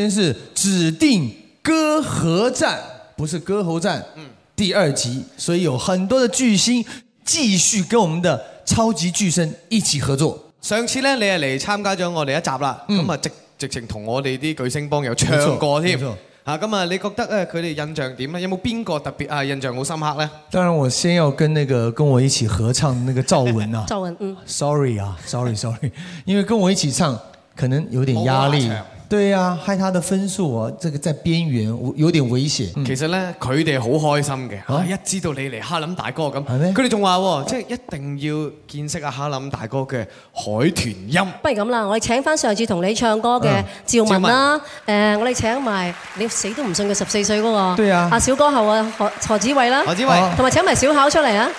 先是指定歌喉戰，不是歌喉戰、嗯、第二集，所以有很多的巨星繼續跟我們的超級巨星一起合作。上次呢，你係嚟參加咗我哋一集啦，咁、嗯、啊直直情同我哋啲巨星幫友唱過添。啊，咁啊，你覺得咧，佢哋印象點咧？有冇邊個特別啊，印象好深刻咧？當然，我先要跟那個跟我一起合唱那個趙文啊，趙文，嗯，sorry 啊 sorry，sorry，sorry，因為跟我一起唱可能有點壓力。對啊，害他的分數啊，這個在邊緣，有點危險、嗯。其實呢，佢哋好開心嘅、啊，一知道你嚟哈林大哥咁，佢哋仲話喎，即係一定要見識阿哈林大哥嘅海豚音。不如咁啦，我哋請上，上次同你唱歌嘅趙文啦、啊嗯呃，我哋請埋你死都唔信佢十四歲嗰個，阿、啊、小歌后何何啊何何子慧同埋、啊、請埋小考出嚟、哎、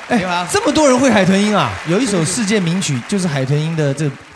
這麼多人會海豚音啊！有一首世界名曲，就是海豚音的、這個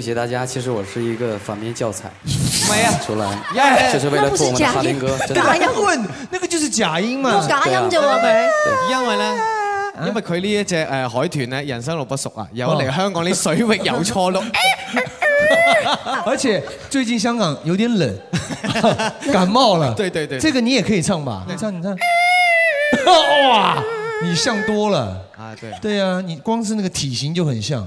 謝謝大家。其實我是一個反面教材， 出來、yeah. 就是為了做我們哈林哥， 真的。假音，假音，那個就是假音嘛。假音就因、啊、為、啊、因為呢，啊、因為佢呢一隻誒海豚呢，人生路不熟啊，有嚟香港啲水域有錯碌， 而且最近香港有點冷， 感冒了。 對,對對對，這個你也可以唱吧？你唱，你唱。哇， 你像多了啊？對對呀、啊，你光是那個體型就很像。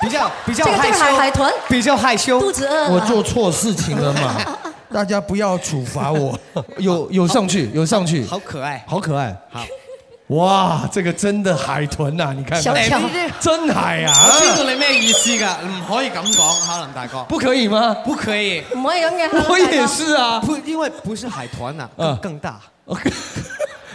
比較比較害羞，這個這個海豚，比較害羞，肚子餓，我做錯事情了嘛？ 大家不要處罰我，有有上去，有上去好，好可愛，好可愛，好，哇，這個真的海豚啊！你看，看，小跳，真海啊，我知道你咩意思噶，唔可以咁講，可能大哥，不可以嗎？不可以，唔可以咁嘅，我也是啊，不，因為不是海豚啊，更，更大。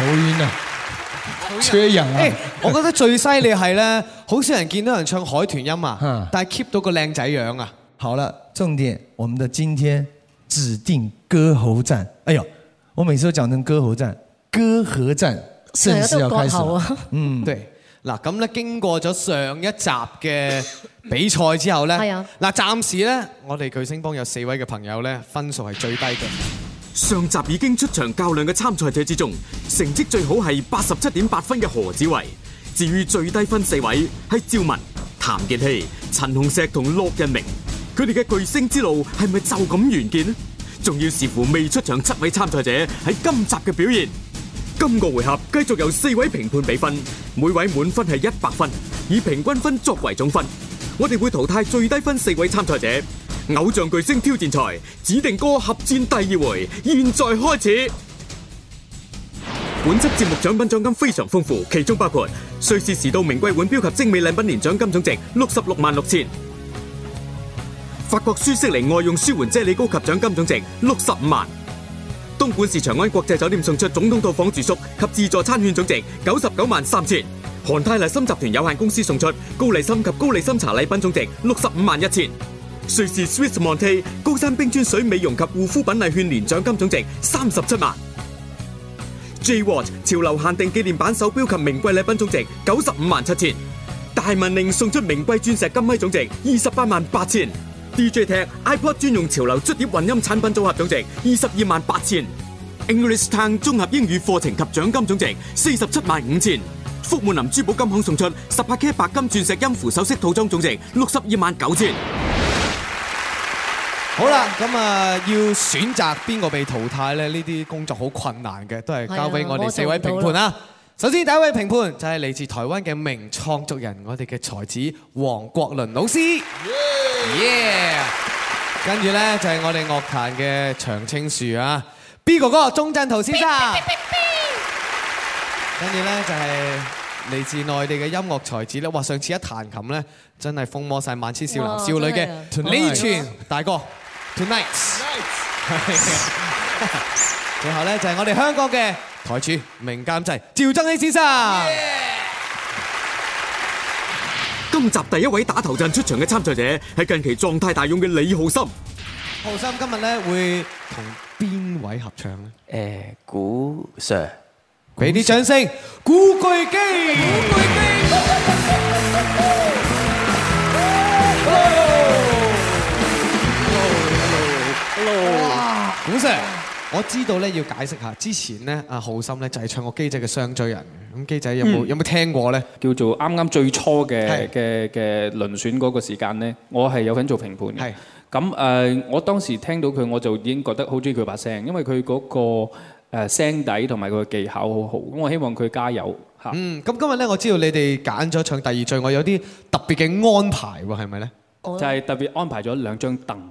好遠啊，好缺人啊！Hey, 我覺得最犀利係咧， 好少人見到人唱海豚音啊， 但係 keep 到個靚仔樣啊。好了，重點我們的今天指定歌喉戰。哎呦，我每次都講成割喉戰，歌喉戰，是啊，要開始、啊、嗯， 對，嗱咁咧，經過咗上一集嘅比賽之後咧，嗱，暫時咧，我哋巨星幫有四位嘅朋友咧，分數係最低嘅。上集已經出場較量嘅參賽者之中，成績最好係八十七點八分嘅何子維。至於最低分四位係趙文、譚傑希、陳紅石同駱日明，佢哋嘅巨星之路係咪就咁完結呢？仲要視乎未出場七位參賽者喺今集嘅表現。今個回合繼續由四位評判比分，每位滿分係一百分，以平均分作為總分。我哋會淘汰最低分四位參賽者。偶像巨星挑戰賽指定歌合戰第二回，現在開始。本輯節目獎品獎金非常豐富，其中包括瑞士時度名貴腕表及精美禮品，年獎金總值六十六萬六千；法國舒適尼外用舒緩啫喱膏及獎金總值六十五萬；東莞市長安國際酒店送出總統套房住宿及自助餐券，總值九十九萬三千；韓泰麗參集團有限公司送出高麗參及高麗參茶禮品，總值六十五萬一千。瑞士 Swiss Monty 高山冰川水美容及護膚品禮券年獎金總值三十七萬；J Watch 潮流限定紀念版手錶及名貴禮品總值九十五萬七千；大文玲送出名貴鑽石金米總值二十八萬八千；DJ TechiPod 專用潮流摺疊混音產品組合總值二十二萬八千；English Town 綜合英語課程及獎金總值四十七萬五千；福滿林珠寶金行送出十八 K 白金鑽石音符首飾套裝總值六十二萬九千。好啦，咁啊要選擇邊個被淘汰咧？呢啲工作好困難嘅，都係交俾我哋四位評判啊。首先第一位評判就係嚟自台灣嘅名創作人，我哋嘅才子黃國倫老師。跟住咧就係我哋樂壇嘅長青樹啊，B 哥哥鍾鎮濤先生。跟住咧就係嚟自內地嘅音樂才子咧。哇，上次一彈琴咧真係風魔晒萬千少男少女嘅李泉大哥。Tonight，最後呢就係我哋香港嘅台柱名監製趙增熙先生。今集第一位打頭陣出場嘅參賽者係近期狀態大勇嘅李浩森。浩森今日呢會同邊位合唱呢？誒古 Sir，俾啲掌聲。古巨基。哇，古 sir，我知道咧要解釋下，之前咧阿浩心咧就係唱過機仔嘅雙追人嘅，咁機仔有冇有冇、嗯、聽過咧？叫做啱啱最初嘅嘅嘅輪選嗰個時間咧，我係有份做評判嘅，咁誒我當時聽到佢我就已經覺得好中意佢把聲，因為佢嗰個誒聲底同埋佢技巧好好，咁我希望佢加油吓。嗯，咁今日咧我知道你哋揀咗唱第二句，我有啲特別嘅安排喎，係咪咧？就係、是、特別安排咗兩張凳。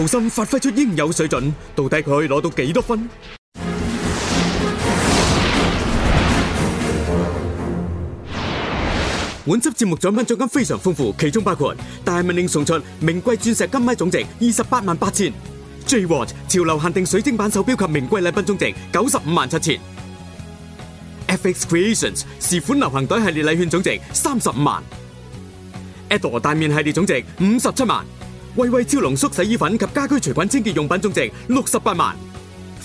用心發揮出應有水準，到底佢可以攞到幾多分？本集節目獎品獎金非常豐富，其中包括大命令送出名貴鑽石金麥總值二十八萬八千，J Watch 潮流限定水晶版手錶及名貴禮賓總值九十五萬七千，FX Creations 時款流行袋系列禮券總值三十五萬，Ador 大面系列總值五十七萬。威威超濃縮洗衣粉及家居除菌清潔用品總值六十八萬。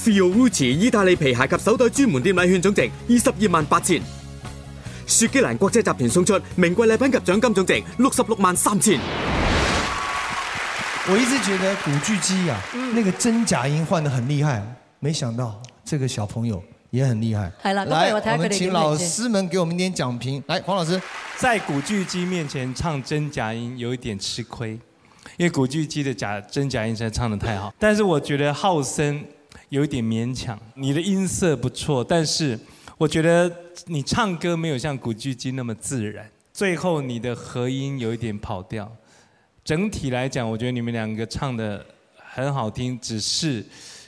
Fiorucci 意大利皮鞋及手袋專門店禮券總值二十二萬八千。雪肌蘭國際集團送出名貴禮品及獎金總值六十六萬三千。我一直覺得古巨基呀、啊，那個真假音換的很厲害，沒想到這個小朋友也很厲害。係、嗯那個、來，我們請老師們給我們一點講評。來，黃老師，在古巨基面前唱真假音，有一點吃虧。因為古巨基的假真假音色唱得太好，但是我覺得浩森有一點勉強。你的音色不錯，但是我覺得你唱歌沒有像古巨基那麼自然。最後你的和音有一點跑調。整體來講，我覺得你們兩個唱得很好聽，只是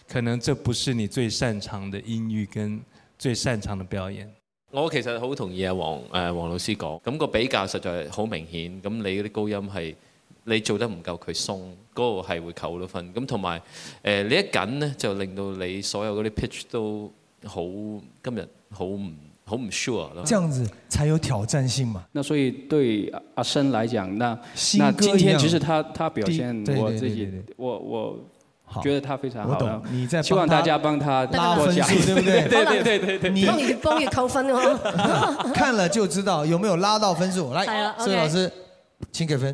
可能這不是你最擅長的音域跟最擅長的表演。我其實好同意啊，黃誒黃老師講，咁、那個比較實在好明顯。咁你嗰啲高音係，你做得唔夠佢鬆，嗰、那個係會扣到分。咁同埋，誒、呃、你一緊呢，就令到你所有嗰啲 pitch 都好今日好唔好唔 sure。咯。這樣子才有挑戰性嘛。那所以對阿申生來講，那那今天其實他他表現對對對對我自己我我覺得他非常好，希望大家幫他，他拉分數，對唔對？對 對對對對你幫你扣分哦。看了就知道有沒有拉到分數， 來，所以老師請給分。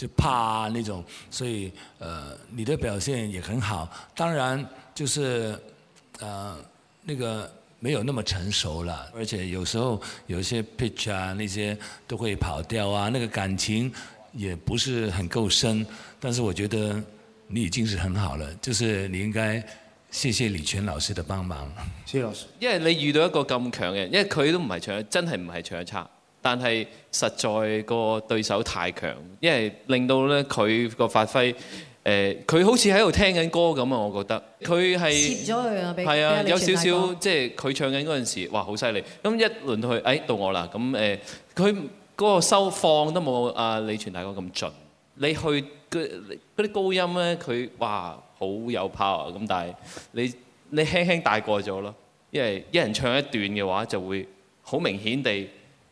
就怕那種，所以，呃，你的表現也很好，當然就是，呃，那個沒有那麼成熟了，而且有時候有些 pitch 啊，那些都會跑調啊，那個感情也不是很夠深，但是我覺得你已經是很好了，就是你應該謝謝李泉老師的幫忙。謝謝老師，因為你遇到一個咁強嘅，因為佢都唔係唱，真係唔係唱差。但係實在個對手太強，因為令到咧佢個發揮，誒、呃、佢好似喺度聽緊歌咁啊！我覺得佢係，係啊，有少少即係佢唱緊嗰陣時，哇好犀利！咁一輪到佢，誒、哎、到我啦咁誒，佢嗰、呃、個收放都冇啊，李全大哥咁盡。你去嗰啲高音咧，佢哇好有 power，咁但係你你輕輕帶過咗咯，因為一人唱一段嘅話就會好明顯地。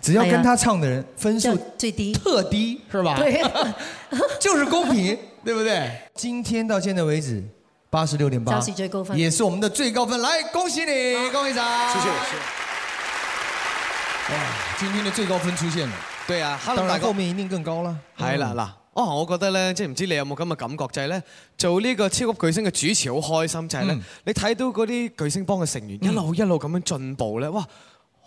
只要跟他唱的人分數，啊，分數最低，特低，是吧？對， 就是公平， 對不對？今天到現在為止，八十六點八，也是我們的最高分。來，恭喜你，恭喜你！啊、謝，謝，謝謝。哇，今天的最高分出現了。對啊，哈囉，大哥。當然後面一定更高啦。係啦嗱，哦、嗯，我覺得呢，即係唔知你有冇咁嘅感覺，就係呢，做呢個超級巨星嘅主持好開心，就係、是、呢，嗯、你睇到嗰啲巨星幫嘅成員一路一路咁樣進步咧、嗯，哇！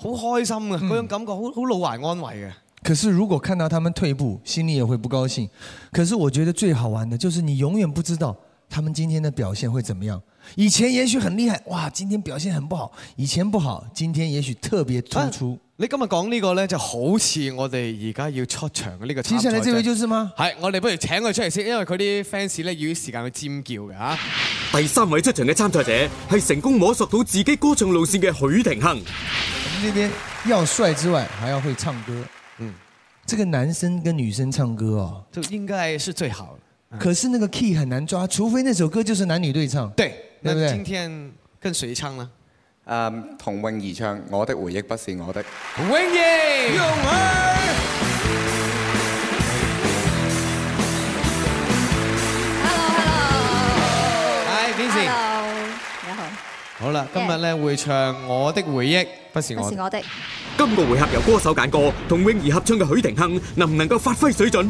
好開心啊！嗰種感覺好好老懷安慰嘅，嗯。可是如果看到他們退步，心裡也會不高興。可是我覺得最好玩的，就是你永遠不知道他們今天嘅表現會怎麼樣。以前也許很厲害，哇！今天表現很不好。以前不好，今天也許特別突出。你今日講呢個呢，就好似我哋而家要出場嘅呢個。接下來這位就是嗎？係我哋不如請佢出嚟先，因為佢啲 fans 咧要時間去尖叫嘅第三位出場嘅參賽者係成功摸索到自己歌唱路線嘅許廷鏗。我們這邊要帥之外，還要會唱歌。嗯，這個男生跟女生唱歌哦，就應該是最好。嗯，可是那個 key 很難抓，除非那首歌就是男女對唱。對，對不對？那今天跟誰唱呢？誒、um，同泳兒唱《我的回憶不是我的》永。泳兒。好啦，今日咧、yeah. 會唱《我的回憶》不是我的。是我的。今個回合由歌手揀歌，同泳兒合唱嘅許廷鏗能唔能夠發揮水準？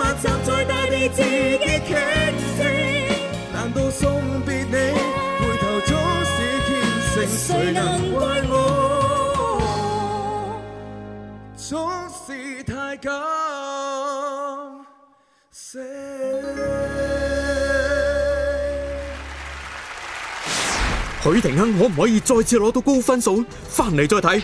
你送別回頭總是虔誠，誰能怪我？總是太感性。許廷鏗可唔可以再次攞到高分數？翻嚟再睇。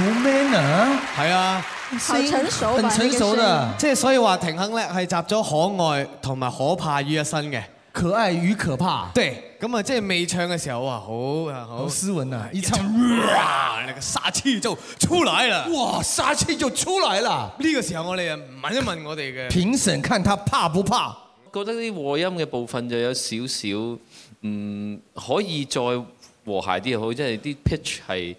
好 man 啊，係啊，好成熟啊，即係所以話霆亨叻係集咗可愛同埋可怕於一身嘅，可愛與可怕。對，咁啊即係未唱嘅時候啊，好好斯文啊，一唱嗚，你個煞氣就出嚟啦，哇，煞氣就出嚟啦。呢個時候我哋啊問一問我哋嘅，評審看他怕不怕？覺得啲和音嘅部分就有少少嗯可以再和諧啲又好，即係啲 pitch 係。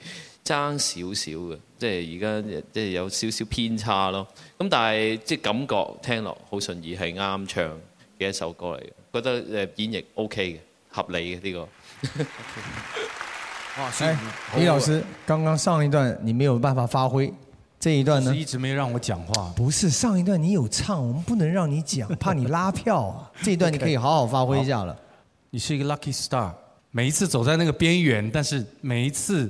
爭少少嘅，即係而家即係有少少偏差咯。咁但係即係感覺聽落好順意，係啱唱嘅一首歌嚟嘅，覺得誒演繹 OK 嘅，合理嘅呢、這個、 okay. 哇欸好好。李老師，剛剛上一段你沒有辦法發揮，這一段呢？一直，一直沒讓我講話。不是上一段你有唱，我們不能讓你講，怕你拉票啊。 這一段你可以好好發揮一下了、okay.。你是一個 lucky star，每一次走在那個邊緣，但是每一次。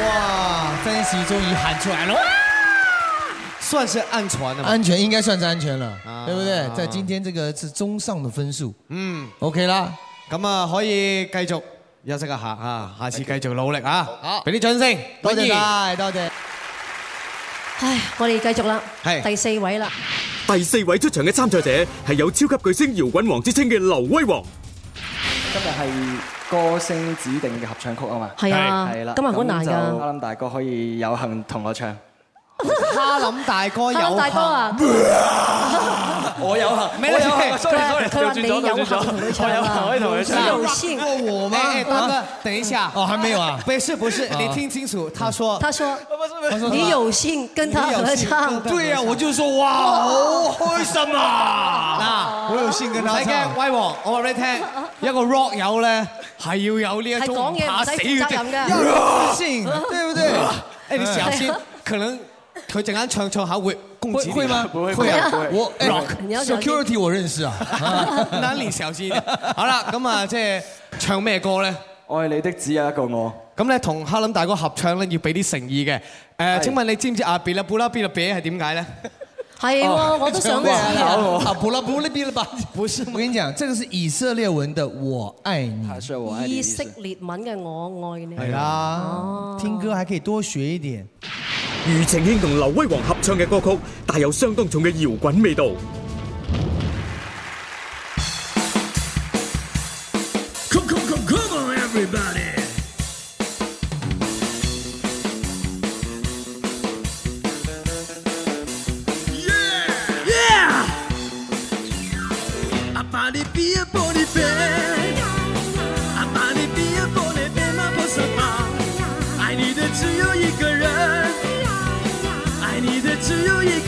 哇！真喜終於喊出來了，算是安全的，安全應該算是安全了，啊，對不對？在今天這個是中上的分數，嗯，OK 啦，咁啊可以繼續休息一下啊，下次繼續努力啊，okay，好，俾啲掌聲，多謝，謝大，多謝，謝。唉，我哋繼續啦，係第四位啦，第四位出場嘅參賽者係有超級巨星搖滾王之稱嘅劉威王。今日係歌星指定嘅合唱曲啊嘛，係啊，係啦，今日好難㗎，啱啱大哥可以有幸同我唱。哈 林大哥有， 有哈，林大哥啊！我有啊， 我有啊。佢話你有拍同你唱啊？有信過我嗎？誒、欸，大哥，等一下、啊。哦，還沒有啊。不是不是，是，不是、啊，你聽清楚，他、嗯、說，他說，啊、不是不是他說你有信跟他合唱。對啊，我就說哇，好開心啊！嗱，我有信跟他唱。你聽威王，我話你聽，一個 rock 友咧，係要有呢一種，係講嘢唔使負責任嘅，要有自信，對不對？誒，你小心，可能。佢陣間唱唱下會會嗎會嗎？不會，不會啊！我 security 我認識啊，阿玲小心啲。 好啦，咁啊，即係唱咩歌咧？愛你的只有一個我。咁咧，同哈林大哥合唱咧，要俾啲誠意嘅。誒，請問你知唔知阿 B 拉布拉 B 拉 B 係點解咧？係啊，我都想聽下。啊，布拉布拉比了吧？不是，我跟你講，這個是以色列文的我愛你，以色列文嘅我愛你。係啦，啊，聽歌還可以多學一點。庾澄慶同劉威煌合唱嘅歌曲，帶有相當重嘅搖滾味道。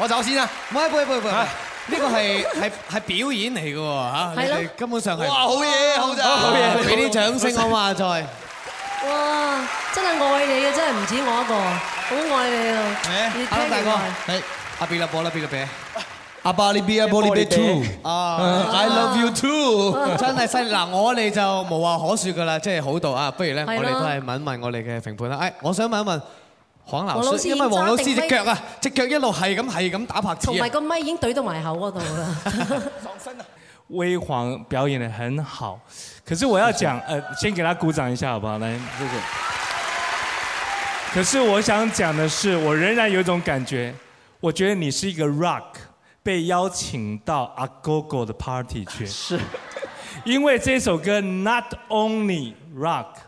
我走先啦，唔該，唔該，唔該，呢個係係係表演嚟嘅喎嚇，根本上係哇好嘢，好嘢俾啲掌聲啊嘛，在哇真係愛你嘅，真係唔止我一個，好愛你啊！好啊，大哥，係阿比利播啦，比利比阿爸呢邊啊，Happy Day Two，啊，I Love You Too，真係犀利，嗱我哋就無話可説噶啦，即係好到啊，不如咧我哋都係問一問我哋嘅評判啦，誒，我想問一問。黃老，黃老師，因為黃老師隻腳啊，隻腳一路係咁係咁打拍子，同埋個咪已經懟到埋口嗰度啦。微黃表演得很好，可是我要講，呃，先給他鼓掌一下，好不好？來，謝謝。可是我想講的是，我仍然有一種感覺，我覺得你是一個 rock，被邀請到阿哥哥的 party 去，是，因為這首歌 Not Only Rock。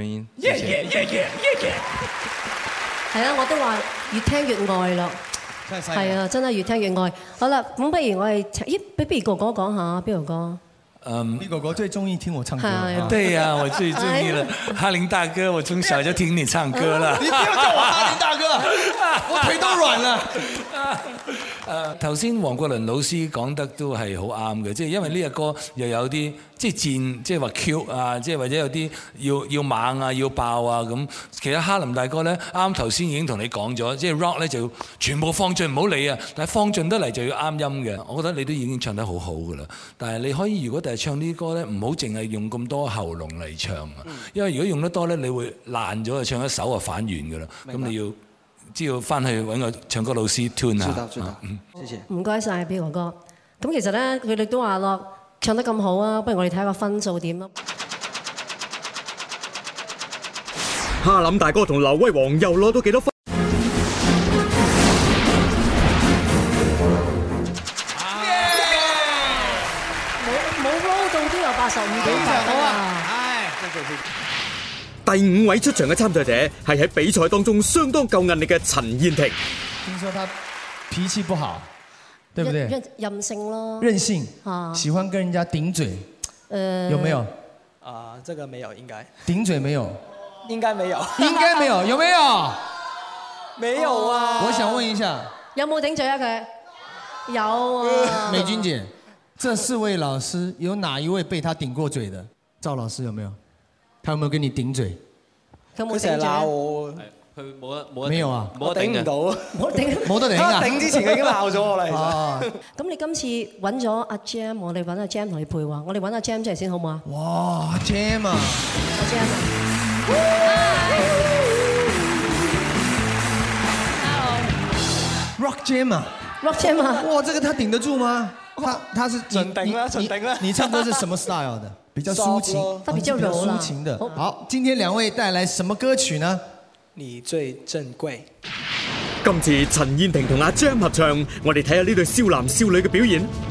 耶係、yeah, yeah, yeah, yeah, yeah. 啊，我都話越聽越愛咯，係啊，真係越聽越愛。好啦，咁不如我哋咦，不如比哥哥講下比哥哥？嗯，um, 比哥哥最中意聽我唱歌。係啊，啊，對呀、啊，我最中意啦，哈林大哥，我從小就聽你唱歌啦。 你不要叫我哈林大哥， 我腿都軟啦。 誒頭先黃國倫老師講得都係好啱嘅，即係因為呢個歌又有啲即係賤，即係話嬌啊，即係或者有啲要要猛啊，要爆啊咁。其實哈林大哥呢，啱頭先已經同你講咗，即係 rock 呢就要全部放進唔好理啊，但係放進得嚟就要啱音嘅。我覺得你都已經唱得好好噶啦，但係你可以如果第日唱呢啲歌呢，唔好淨係用咁多喉嚨嚟唱啊，因為如果用得多呢，你會爛咗啊，就唱一首啊反完噶啦，咁你要。只要翻去揾個唱歌老師 tune 啊，唔該曬 B 哥。咁其實咧，佢哋都話咯，唱得咁好啊，不如我哋睇下分數點咯。哈林大哥同劉威皇又攞到幾多分？冇冇攞到都有八十五幾分，好啊！唉第五位出場嘅參賽者係喺比賽當中相當夠壓力嘅陳燕婷。聽說他脾氣不好，對不對？任任性咯任性，任性，啊，喜歡跟人家頂嘴。誒，有沒有？啊，這個沒有，應該。頂嘴沒有？應該沒有。 應該沒有，有沒有？沒有啊。我想問一下，有冇頂嘴啊？佢有，啊。美君姐，這四位老師有哪一位被他頂過嘴的？趙老師有沒有？他有冇跟你頂嘴？佢冇成日鬧我，佢冇一冇。啊！冇頂唔到，冇頂，冇得頂啊！他頂之前佢已經鬧咗我啦。咁你今次揾咗阿 Jam，我哋揾阿 Jam 同你配話，我哋揾阿 Jam 出嚟先好唔好啊？哇，Jam 啊！Rock Jam 啊！Rock Jam 啊！哇，這個他頂得住嗎？他他是你？全頂頂啦！你唱歌是什麼 style 的？比較抒情，比較柔、哦、比較抒情的。啊。好，今天兩位帶來什麼歌曲呢？你最珍貴。今次陳燕婷同阿張合唱，我哋睇下呢對少男少女嘅表演。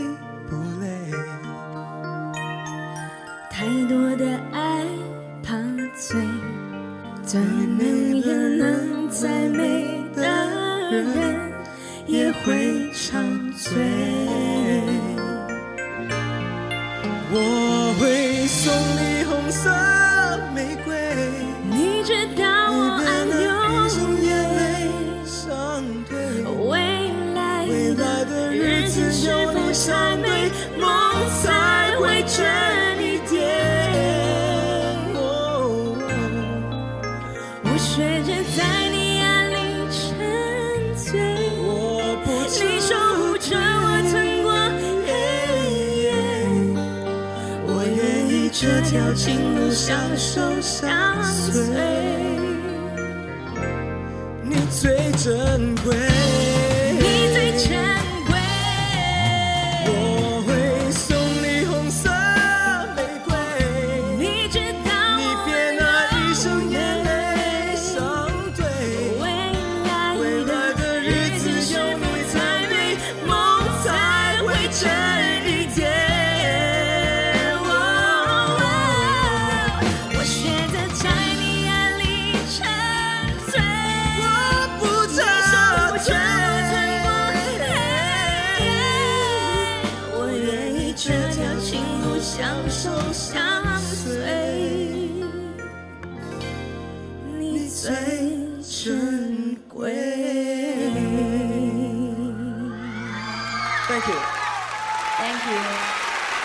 謝謝你謝謝你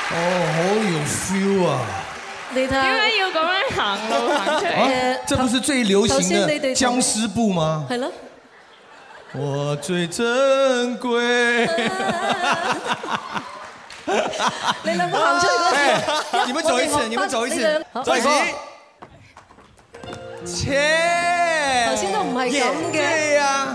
哦，好有 feel 啊！你點解要咁樣行路行出嚟？這不是最流行嘅「僵屍步」嗎？我最珍貴，啊。你兩個行出嚟，你們走一次，啊，你們走一次，啊，走一次，走一次。切，啊！頭先，啊，都唔係咁嘅。Yeah, yeah.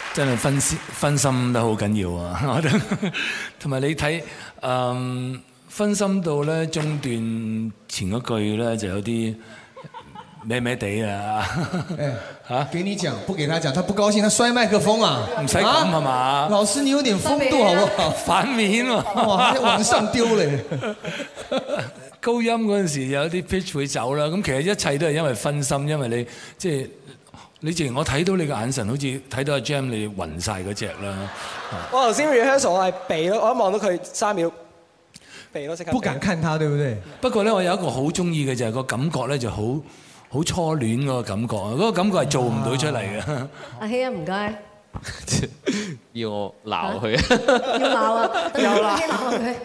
真係分心，分心得好緊要啊！同埋你睇，嗯，分心到咧中段前嗰句咧就有啲歪歪地啊！嚇、 呃，給你講、啊，不給他講，他不高興他摔麥克風啊！唔使咁啊嘛，老師你有點風度好唔好不、啊？反面喎、啊， 往上丟嚟， 高音嗰陣時有啲 pitch 會走啦。咁其實一切都係因為分心，因為你即係。就是你自然，我睇到你個眼神，好似睇到阿 Jam，你暈曬嗰隻啦。我頭先 rehearsal，我係避咯，我一望到佢三秒，避咯即刻。不敢看他，對唔對？不過咧，我有一個好中意嘅就係個感覺咧，就好好初戀嗰個感覺啊！嗰個感覺係做唔到出嚟嘅。阿希啊，唔該，要我鬧佢啊？要鬧啊！有啦，阿希鬧佢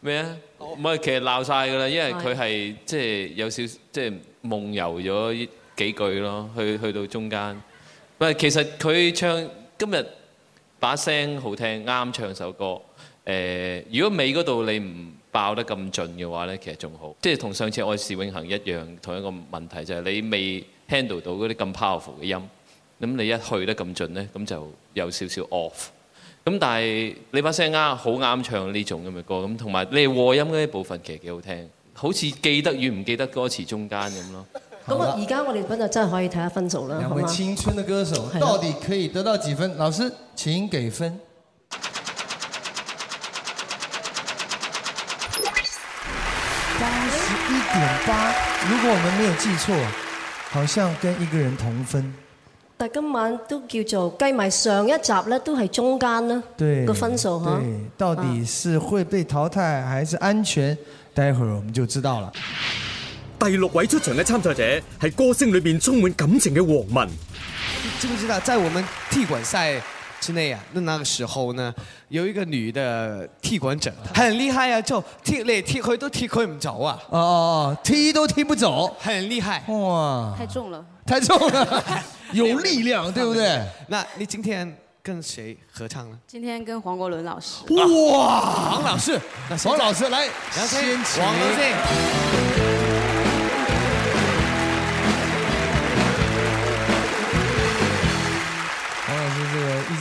咩啊？唔係，其實鬧曬噶啦，因為佢係即係有少少即係夢遊咗。幾句咯，去去到中間。唔係，其實佢唱今日把聲好聽，啱唱首歌。誒、呃，如果尾嗰度你唔爆得咁盡嘅話呢，其實仲好。即係同上次《愛是永恆》一樣，同一個問題就係你未 handle 到嗰啲咁 powerful 嘅音，咁你一去得咁盡呢，咁就有少少 off。咁但係你把聲啱，好啱唱呢種咁嘅歌。咁同埋你和音嗰啲部分其實幾好聽，好似記得與唔記得歌詞中間咁咯。咁啊，而家我哋本就真係可以睇下分數啦，好嗎？兩位青春嘅歌手到底可以得到幾分？老師請給分。八十一點八，如果我們沒有記錯，好像跟一個人同分。但今晚都叫做計埋上一集呢，都係中間呢對個分數嚇，到底是會被淘汰還是安全？啊、待會兒我們就知道了。第六位出場的參賽者係歌聲裏面充滿感情嘅黃文。你知唔知道，在我們踢館賽之內啊，那那個時候呢，有一個女嘅踢館者，很厲害啊，就踢連踢開都踢開唔走啊。哦，踢都踢不走，很厲害。哇！太重了，太重了， 有力量， 對不對？那你今天跟誰合唱呢？今天跟黃國倫老師。哇！黃老師，黃老師來，先請。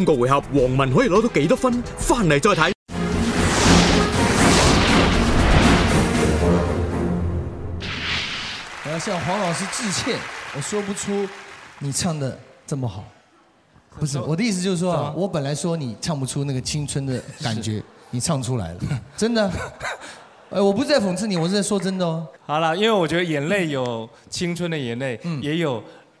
五個回合，黃文可以攞到幾多分？翻嚟再睇。我要向黃老師致歉，我說不出你唱得這麼好。不是，我的意思就是說啊，我本來說你唱不出那個青春的感覺，你唱出來了，真的，啊。我不是在諷刺你，我是在說真的哦，嗯。好了，因為我覺得眼淚有青春的眼淚，也有。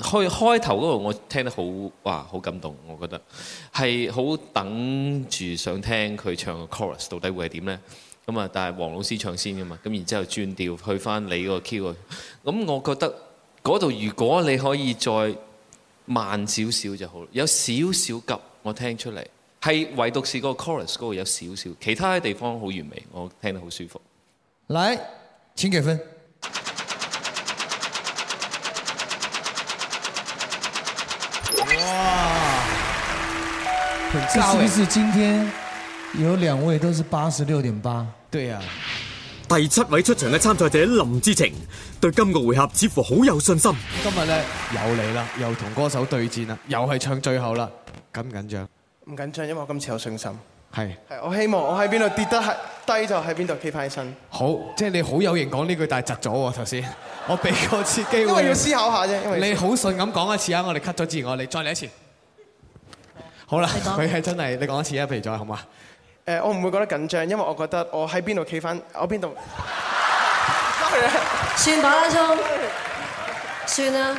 開開頭嗰度我聽得好哇，好感動，我覺得係好等住想聽佢唱個 chorus 到底會係點呢？咁啊，但係黃老師先唱先噶嘛？咁然之後轉調去翻你個 key 啊！咁我覺得嗰度如果你可以再慢少少就好，有少少急我聽出嚟，係唯獨是個 chorus 度有少少，其他嘅地方好完美，我聽得好舒服。來，請給分。其實是，是今天有兩位都是八十六點八。對呀、啊，第七位出場嘅參賽者林志晴，對今個回合似乎好有信心。今日咧又嚟啦，又同歌手對戰啦，又係唱最後啦，緊唔緊張？唔緊張，因為我今次有信心。係係，我希望我喺邊度跌得下低就喺邊度企返起身。好，即、就、係、是、你好有型講呢句，但係窒咗。頭先我俾過 次機會，因為要思考一下啫。因為你好順咁講一次啊，我哋 cut 咗之前我哋再嚟一次。好啦，佢係真係，你講一次啊，譬如再好嘛？誒，我唔會覺得緊張，因為我覺得我喺邊度企返，我邊度？算吧啦，葱，算啦，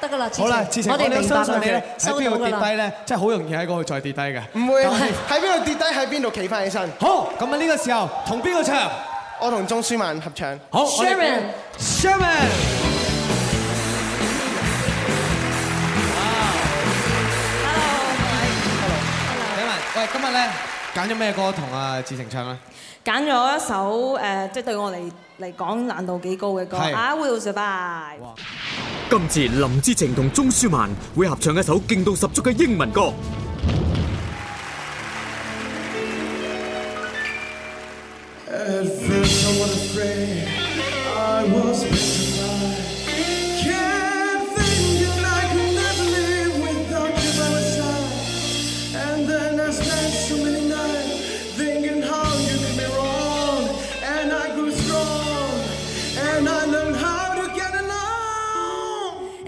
得噶啦。好啦，志誠，我哋都相信你喺邊度跌低咧，真係好容易喺嗰度再跌低嘅。唔會喺邊度跌低喺邊度企返起身。好，咁啊呢個時候同邊個唱？我同鍾舒漫合唱。好，Sherman，Sherman。今日咧揀咗咩歌同阿志晴唱咧？揀咗一首誒，即係對我嚟嚟講難度幾高嘅歌啊，I Will Survive 吧。今次林志晴同鍾舒漫會合唱一首勁到十足嘅英文歌。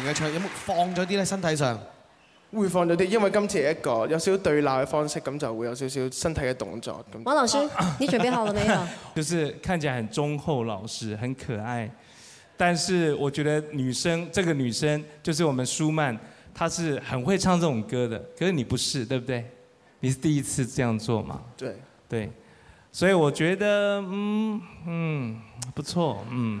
嘅唱有冇放咗啲呢，身體上會放咗啲，因為今次係一個有少少對鬧嘅方式，咁就會有少少身體嘅動作。咁，王老師，你準備好了沒有？就是看起來很忠厚、老實、很可愛，但是我覺得女生，這個女生就是我們舒曼，她是很會唱這種歌的。可是你不是，對唔對？你是第一次這樣做嘛？對，對，所以我覺得，嗯嗯，不錯，嗯。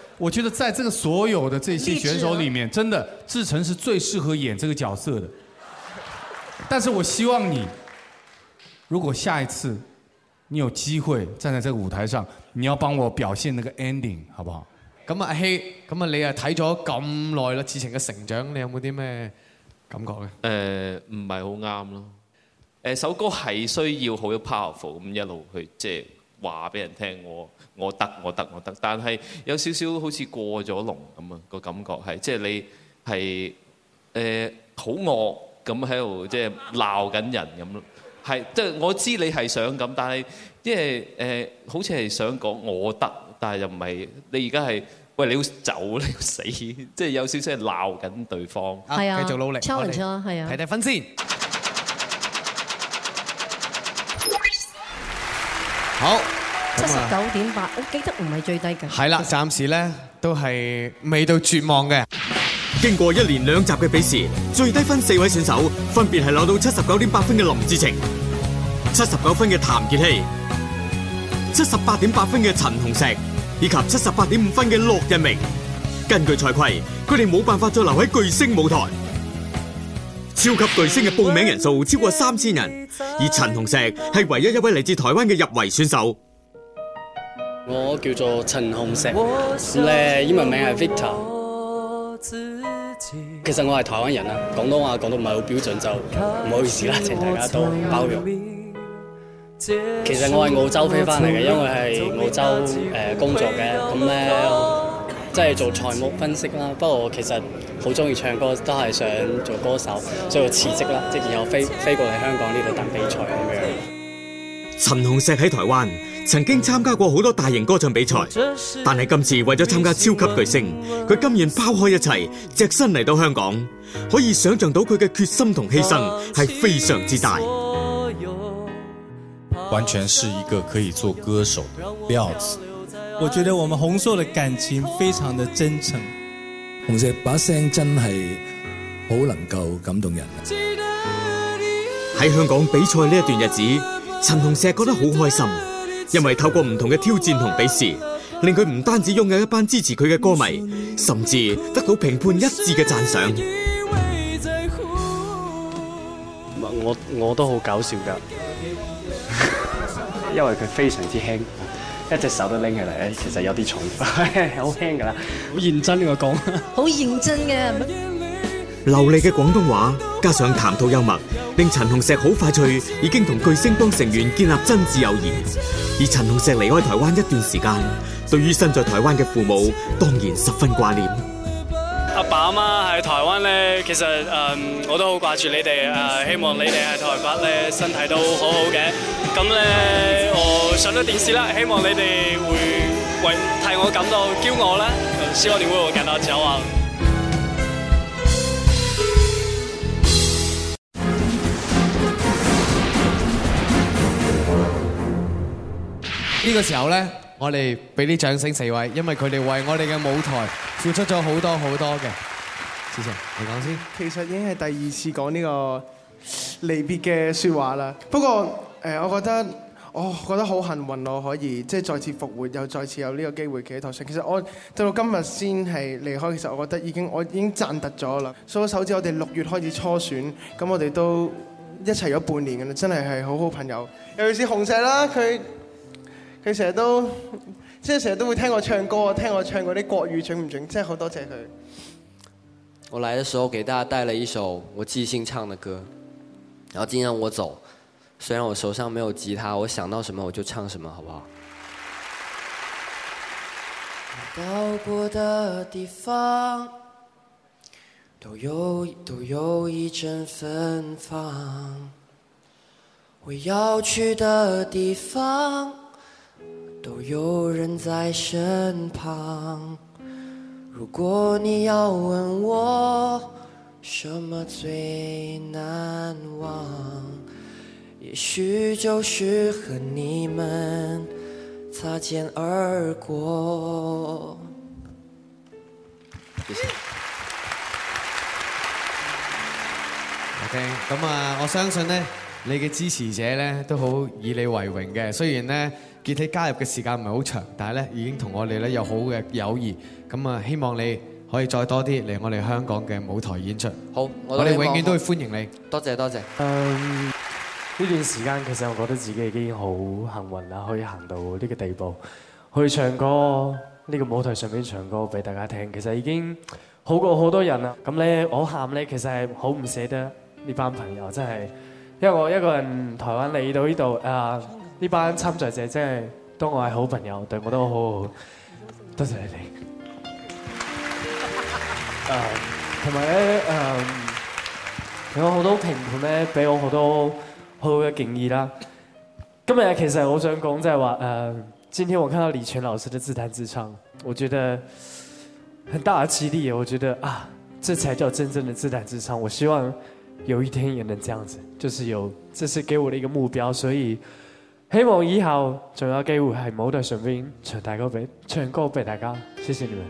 我覺得在這個所有的這些選手裏面，真的志誠是最適合演這個角色的。但是我希望你，如果下一次，你有機會站在這個舞台上，你要幫我表現那個 ending，好不好？咁啊，阿希，咁啊，你啊睇咗咁耐啦，志誠嘅成長，你有冇啲咩感覺咧、呃？誒，唔係好啱咯。誒，首歌係需要好 powerful 咁一路去即係。話俾人聽，我我得我得我得，但係有少少好似過咗龍咁啊個感覺係，即係你係誒好惡咁喺度即係鬧緊人咁咯，係即係我知你係想咁，但係因為誒好似係想講我得，但係又唔係你而家係喂你要走你要死，即係有少少鬧緊對方對，繼續努力，抽唔抽啊？啊，睇睇分先。好，七十九點八，我記得唔係最低嘅。係啦，暫時咧都係未到絕望嘅。經過一連兩集嘅比試，最低分四位選手分別係攞到七十九點八分嘅林志晴，七十九分嘅譚杰希，七十八點八分嘅陳紅石，以及七十八點五分嘅駱日明。根據賽規，佢哋冇辦法再留喺巨星舞台。超級巨星嘅報名人數超過三千人，而陳鴻石係唯一一位嚟自台灣嘅入圍選手。我叫做陳鴻石，咧英文名係 Victor。其實我係台灣人啊，廣東話講得唔係好標準，就唔好意思啦，請大家多包容。其實我係澳洲飛翻嚟嘅，因為係澳洲誒工作嘅，咁咧。我即、就、係、是、做財務分析啦，不過我其實好中意唱歌，都係想做歌手，所以我辭職啦，即然後飛飛過嚟香港呢度等比賽。陳紅石喺台灣曾經參加過好多大型歌唱比賽，但係今次為咗參加《超級巨星》，佢甘願拋開一切，隻身嚟到香港。可以想像到佢嘅決心同犧牲係非常之大。完全是一個可以做歌手嘅料子。我覺得我們紅碩的感情非常的真誠，紅石把聲真係好能夠感動人。喺香港比賽呢一段日子，陳紅石覺得好開心，因為透過唔同嘅挑戰同比試，令佢唔單止擁有一班支持佢嘅歌迷，甚至得到評判一致嘅讚賞。唔，我我都好搞笑噶，因為佢非常之輕。一隻手都拎起嚟，其實有啲重，好 輕㗎啦，好認真嘅講，好認真嘅。流利嘅廣東話，加上談吐幽默，令陳紅石好快趣已經同巨星幫成員建立真摯友誼。而陳紅石離開台灣一段時間，對於身在台灣嘅父母，當然十分掛念。阿爸阿媽喺台灣咧，其實誒我都好掛住你哋誒，希望你哋喺台北咧身體都好好嘅。咁咧，我上咗電視啦，希望你哋會為替我感到驕傲啦。小學年會我緊到走啊！呢個時候咧。我哋俾啲掌聲四位，因為佢哋為我哋嘅舞台付出咗好多好多嘅。小晴，你講先。其實已經係第二次講呢個離別嘅説話啦。不過誒，我覺得我覺得好幸運，我可以即係再次復活，又再次有呢個機會企喺台上。其實我到到今日先係離開，其實我覺得已經我已經賺得咗啦。所以首次我哋六月開始初選，咁我哋都一齊咗半年嘅啦，真係係好好朋友。尤其是紅石啦，佢。佢成日都，即係成日都會聽我唱歌，聽我唱嗰啲國語準唔準？真係好多謝佢。我來嘅時候給大家帶了一首我即興唱嘅歌，然後今天我走，雖然我手上沒有吉他，我想到什麼我就唱什麼，好不好？我到過的地方，都有都有一陣芬芳。我要去的地方。都有人在身旁。如果你要問我什麼最難忘，也許就是和你們擦肩而過。謝謝。OK，咁啊，我相信呢，你嘅支持者呢都好以你為榮嘅，雖然呢傑起加入嘅時間唔係好長，但係咧已經同我哋咧有好嘅友誼。咁啊，希望你可以再多啲嚟我哋香港嘅舞台演出。好，我哋永遠都會歡迎你。多謝多謝。嗯，呢段時間其實我覺得自己已經好幸運啦，可以行到呢個地步，去唱歌，呢個舞台上面唱歌俾大家聽。其實已經好過好多人啦。咁咧，我喊咧其實係好唔捨得呢班朋友，真係，因為我一個人台灣嚟到呢度啊。呢班參賽者即係當我係好朋友，對我都好好。多謝，謝你哋。誒，同埋咧誒，嗯嗯、有好多評判咧，俾我好多好好嘅敬意啦。今日其實我想講就話誒，今天我看到李泉老師的自彈自唱，我覺得很大嘅激勵。我覺得啊，這才叫真正的自彈自唱。我希望有一天也能這樣子，就是有，這是給我的一個目標。所以。希望以後仲有機會系舞台上面唱大歌俾唱歌俾大家，謝謝你們。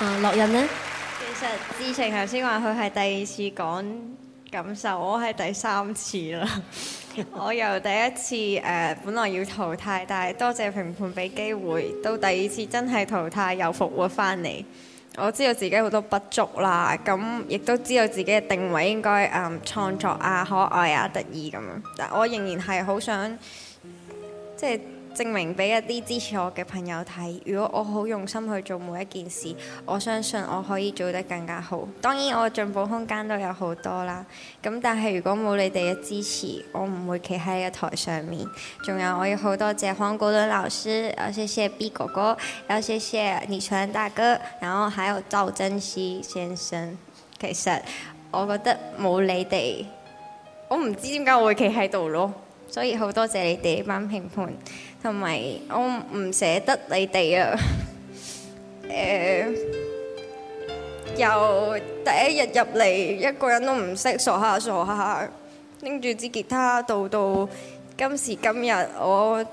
啊，樂欣呢，其實志晴頭先話佢係第二次講感受，我係第三次啦。我由第一次誒本來要淘汰，但係多謝評判俾機會，到第二次真係淘汰又復活翻嚟。我知道自己好多不足啦，咁亦都知道自己嘅定位應該誒創作啊、可愛啊、得意咁樣，但我仍然係好想即係。證明俾一啲支持我嘅朋友睇，如果我好用心去做每一件事，我相信我可以做得更加好。當然我嘅進步空間都有好多啦。咁但係如果冇你哋嘅支持，我唔會企喺呢個台上面。仲有我要好多謝黃國倫老師，有謝謝 B 哥哥，有謝謝李泉大哥，然後還有趙增熹先生。其實我覺得冇你哋，我唔知點解我會企喺度咯。所以好多謝你哋呢班評判。同埋我唔捨得你哋啊！誒，由第一日入嚟一個人都唔識，傻下傻下，拎住支吉他到到今時今日，我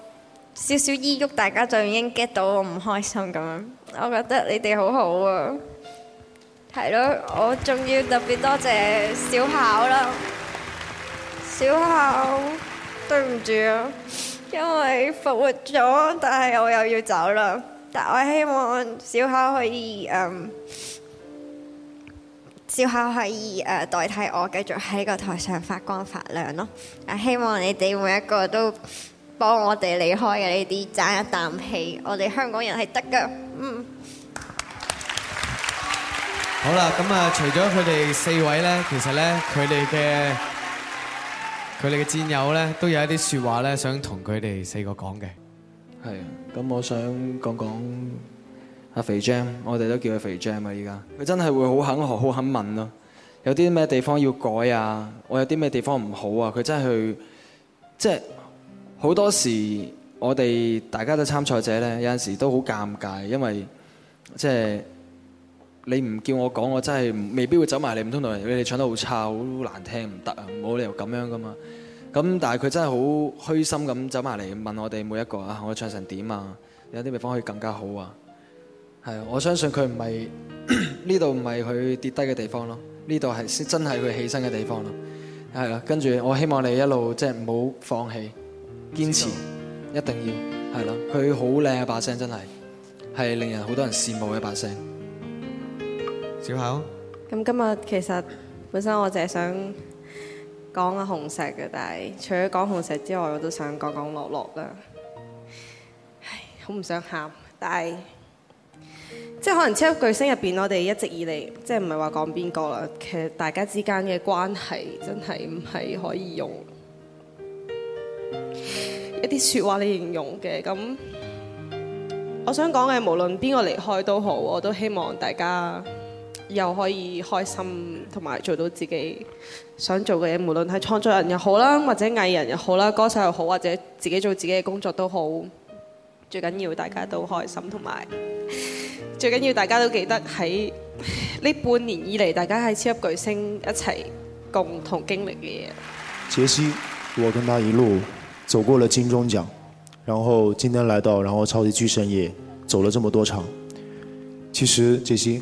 少少依郁，大家就已經 get 到我唔開心咁樣。我覺得你哋好好啊，係咯！我仲要特別多謝小跑啦，小跑，對唔住啊！因為復活咗，但係我又要走啦。但我希望小巧可以嗯，小巧可以誒代替我繼續喺個台上發光發亮咯。啊，希望你哋每一個都幫我哋離開嘅呢啲爭一啖氣，我哋香港人係得㗎。嗯。好啦，咁啊，除咗佢哋四位呢，其實呢，佢哋嘅。佢哋嘅戰友咧都有一啲説話咧，想同佢哋四個講嘅。係啊，咁我想講講阿肥 Jam，我哋都叫佢肥 Jam 啊，依家佢真係會好肯學，好肯問咯。有啲咩地方要改啊？我有啲咩地方唔好啊？佢真係去，即係好多時我哋大家嘅參賽者咧，有陣時都好尷尬，因為即係。你唔叫我講，我真係未必會走埋嚟。唔通同人哋唱得好差，好難聽唔得啊！冇理由咁樣噶嘛。咁但係佢真係好虛心咁走埋嚟問我哋每一個啊，我唱成點啊？有啲地方可以更加好啊。係，我相信佢唔係呢度唔係佢跌低嘅地方咯，呢度係真係佢起身嘅地方咯。係啦，跟住我希望你一路即係唔好放棄，堅持，一定要係啦。佢好靚嘅把聲真係，係令人好多人羨慕嘅把聲。小口，咁今日其實本身我淨係想講阿紅石嘅，但係除咗講紅石之外，我都想講講樂樂啦。唉，好唔想喊，但係即係可能超級巨星入邊，我哋一直以嚟即係唔係話講邊個啦。其實大家之間嘅關係真係唔係可以用一啲說話嚟形容嘅。咁我想講嘅，無論邊個離開都好，我都希望大家。又可以開心，同埋做到自己想做嘅嘢，無論係創作人又好啦，或者藝人又好啦，歌手又好，或者自己做自己嘅工作都好。最緊要大家都開心，同埋最緊要大家都記得喺呢半年以嚟，大家喺超級巨星一齊共同經歷嘅嘢。杰西，我跟他一路走過了金鐘獎，然後今天來到，然後超級巨星夜走了這麼多場。其實，杰西。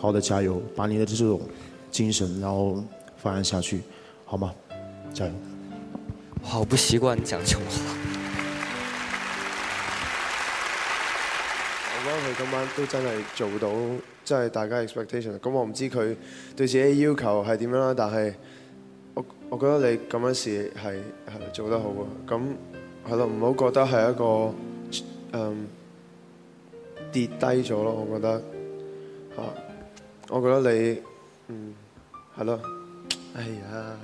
好的，加油！把你的這種精神，然後發揚下去，好嗎？加油！好，不習慣講普通話。我覺得佢今晚都真係做到，真係大家 expectation。咁、嗯、我唔知佢對自己要求係點樣啦，但係我我覺得你咁樣事係係做得好啊。咁係咯，唔好覺得係一個嗯跌低咗咯，我覺得啊。我覺得你，嗯，係咯，哎呀，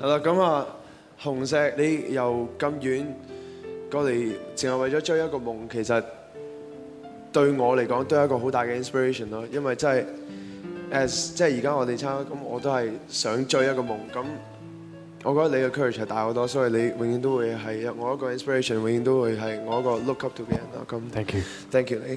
係、啊、啦，咁啊，紅石你又咁遠過嚟，淨係為咗追一個夢，其實對我嚟講都係一個好大嘅 inspiration 咯，因為真係，誒，即係而家我哋差，咁我都係想追一個夢，咁我覺得你嘅 courage 係大好多，所以你永遠都會係我一個 inspiration，永遠都會係我一個 look up to 嘅人啦。咁，thank you，thank you 你。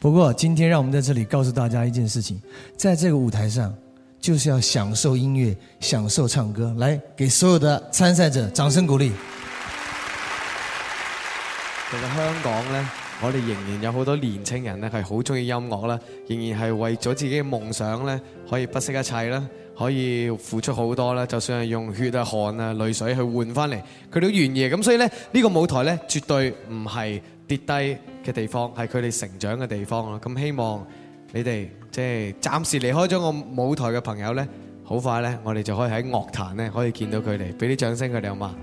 不過，今天讓我們在這裏告訴大家一件事情，在這個舞台上，就是要享受音樂，享受唱歌。來，給所有的參賽者掌聲鼓勵。其實香港呢，我哋仍然有好多年輕人咧，係好中意音樂啦，仍然係為咗自己嘅夢想呢，可以不惜一切啦，可以付出好多啦，就算係用血啊、汗啊、淚水去換翻嚟，佢都願意。咁所以呢，呢個舞台呢，絕對唔係。跌低嘅地方係佢哋成長嘅地方咯，咁希望你哋即係暫時離開咗我舞台嘅朋友咧，好快咧，我哋就可以喺樂壇咧可以見到佢哋，俾啲掌聲佢哋好嘛！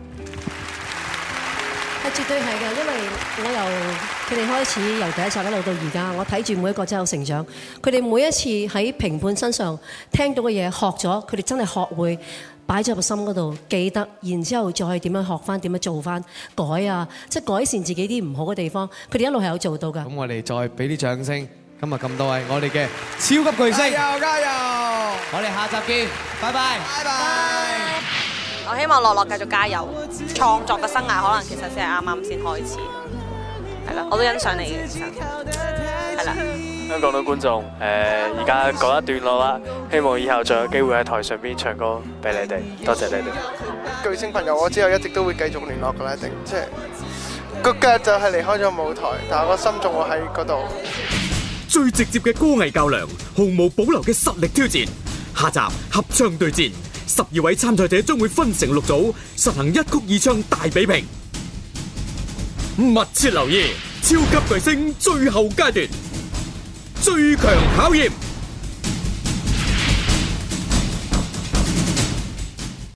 係絕對係嘅，因為我由佢哋開始，由第一集一路到而家，我睇住每一個真係有成長，佢哋每一次喺評判身上聽到嘅嘢學咗，佢哋真係學會。擺咗喺個心嗰度，記得，然之後再點樣學翻，點樣做翻，改啊，即係改善自己啲唔好嘅地方。佢哋一路係有做到㗎。咁我哋再俾啲掌聲。今日咁多位，我哋嘅超級巨星，加油加油！我哋下集見，拜拜。拜拜。我希望樂樂繼續加油，創作嘅生涯可能其實先係啱啱先開始。係啦，我都欣賞你嘅，係啦。香港的觀眾，誒，而家講一段落啦。希望以後仲有機會喺台上邊唱歌俾你哋，多謝你哋。巨星朋友，我之後一直都會繼續聯絡噶啦，一定即係個腳就係離開咗舞台，但係我心仲會喺嗰度。最直接嘅歌藝較量，毫無保留嘅實力挑戰。下集合唱對戰，十二位參賽者將會分成六組，實行一曲二唱大比拼。密切留意超級巨星最後階段。最強考驗。